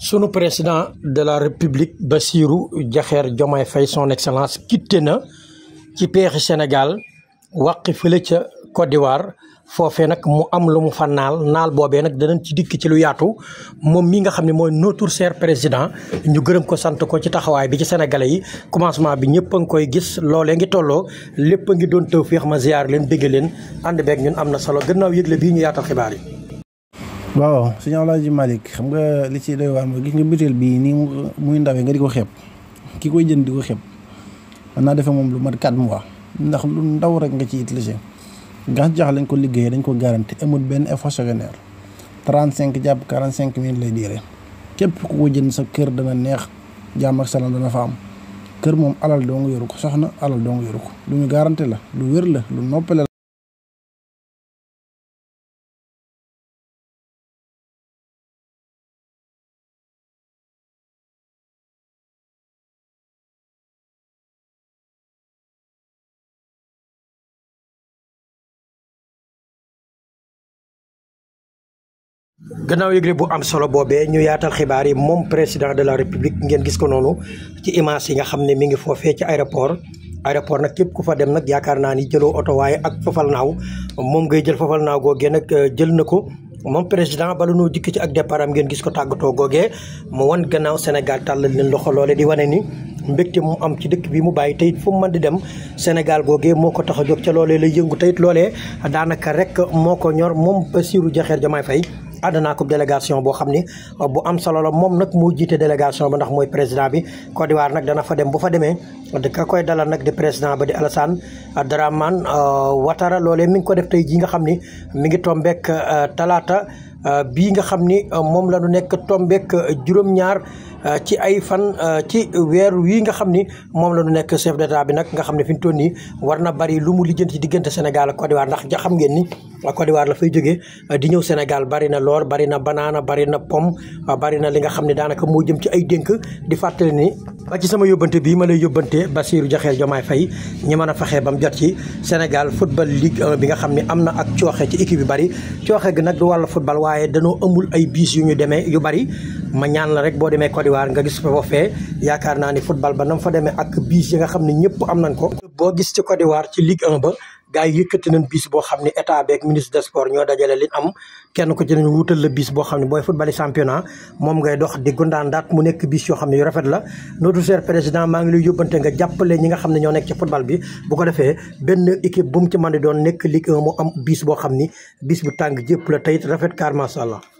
sunu président de la république Bassirou Diakhar Diomaye fay son excellence quitté na ci peexi Sénégal wàqi fële ca Côte d'Ivoire foofee nag mu am lu mu fa naal naal boobee nag danañ ci dikk ci lu yaatu moom mi nga xam ne mooy notre cher président ñu gërëm ko sant ko ci taxawaay bi ci sénégalais yi commencement bi ñëpp a ngi koy gis loolee ngi tolloo lépp a ngi doon tawféex ma ziar leen bégg leen ànd beeg ñun am na solo gannaaw yëgle bii ñu yaatal xibaar yi. waaw sëñ Alaaji Malick xam nga li ci doy waar mooy gis nga butéel bii nii muy ndawee nga di ko xeeb ki koy jënd di ko xeeb mën naa defee moom lu mat 4 mois ndax lu ndaw rek nga ci utilisé gàncax lañ ko liggéeyee dañ ko garanti amul benn effet secondaire cinq jàpp cinq mille lay diire képp ku ko jënd sa kër dana neex jàmm ak salaam dana fa am kër moom alal doo nga yoru ko soxna alal doo nga yoru ko lu ñu garanti la lu wér gannaaw yëgle bu am solo boobee ñu yaatal xibaar yi moom président de la république ngeen gis ko noonu ci image yi nga xam ne mi ngi foofee ci aéroport aéroport na képp ku fa dem nag yaakaar naa ni jëloo oto waaye ak fafal naaw moom ngay jël fafal naaw googee nag euh, jël na ko moom président bala noo dikk ci ak départ ngeen gis ko tàggatoo googee moo wan gannaaw Sénégal tàllal leen loxo loole di wane ni mbégte mu am ci dëkk bii mu bàyyi tayit fu mu mën di dem Sénégal googee moo ko tax a jóg ca loolee lay yëngu tayit loolee daanaka rek moo ko ñor moom Bassirou Diomaye Faye àndanaa ko délégation boo xam ni euh, bu am solo la moom nag moo jiite délégation ba ndax mooy président bi Côte d'Ivoire nag dana fa dem bu fa demee ka koy dalal nag di président ba di Alassane Dramane euh, Ouattara loolee mi ngi ko def tey ji nga xam ni mi ngi tombeek euh, talaata Euh, bii euh, euh, nga xam ni moom la nu nekk tombeek juróom-ñaar ci ay fan ci weer wii nga xam ni moom la nu nekk chef d'état bi nag nga xam ne fi mu toll nii war na bari lu mu lijjanti diggante Sénégal ak Côte ndax ja xam ngeen ni Côte d'Ivoire la fay jógee di ñëw Sénégal bari na lool bari na banaana bari na pom bari na li nga xam ne daanaka moo jëm ci ay dénk di fàttali nii ba ci sama yóbbante bii ma lay yóbbante Bassirou Diakhar Diomaye fay ñi man a fexee ba mu jot ci Sénégal football Ligue bi nga xam ne am na ak cooxe ci équipe yu bari cooxe gi nag du wàllu football waaye danoo amul ay biis yu ñu demee yu bari ma ñaan la rek boo demee Côte d'Ivoire nga gis fa fee yaakaar naa ni football ba nam fa demee ak biis yi nga xam ne ñëpp am nañ ko boo gis ci Côte d'Ivoire ci Ligue 1 ba gars yi yëkkati boo xam ne état beeg ministre des sports ñoo dajale li am kenn ko ci nañu wutal la bis boo xam ne booy football championnat moom ngay dox di gundaandaat mu nekk biis yoo xam ne yu rafet la notre cher président maa ngi lay yóbbante nga jàppale ñi nga xam ne ñoo nekk ci football bi bu ko defee benn équipe bu mu ci mën doon nekk Ligue mu am biis boo xam ni bis bu tàng jépp la teyit rafet car masha Allah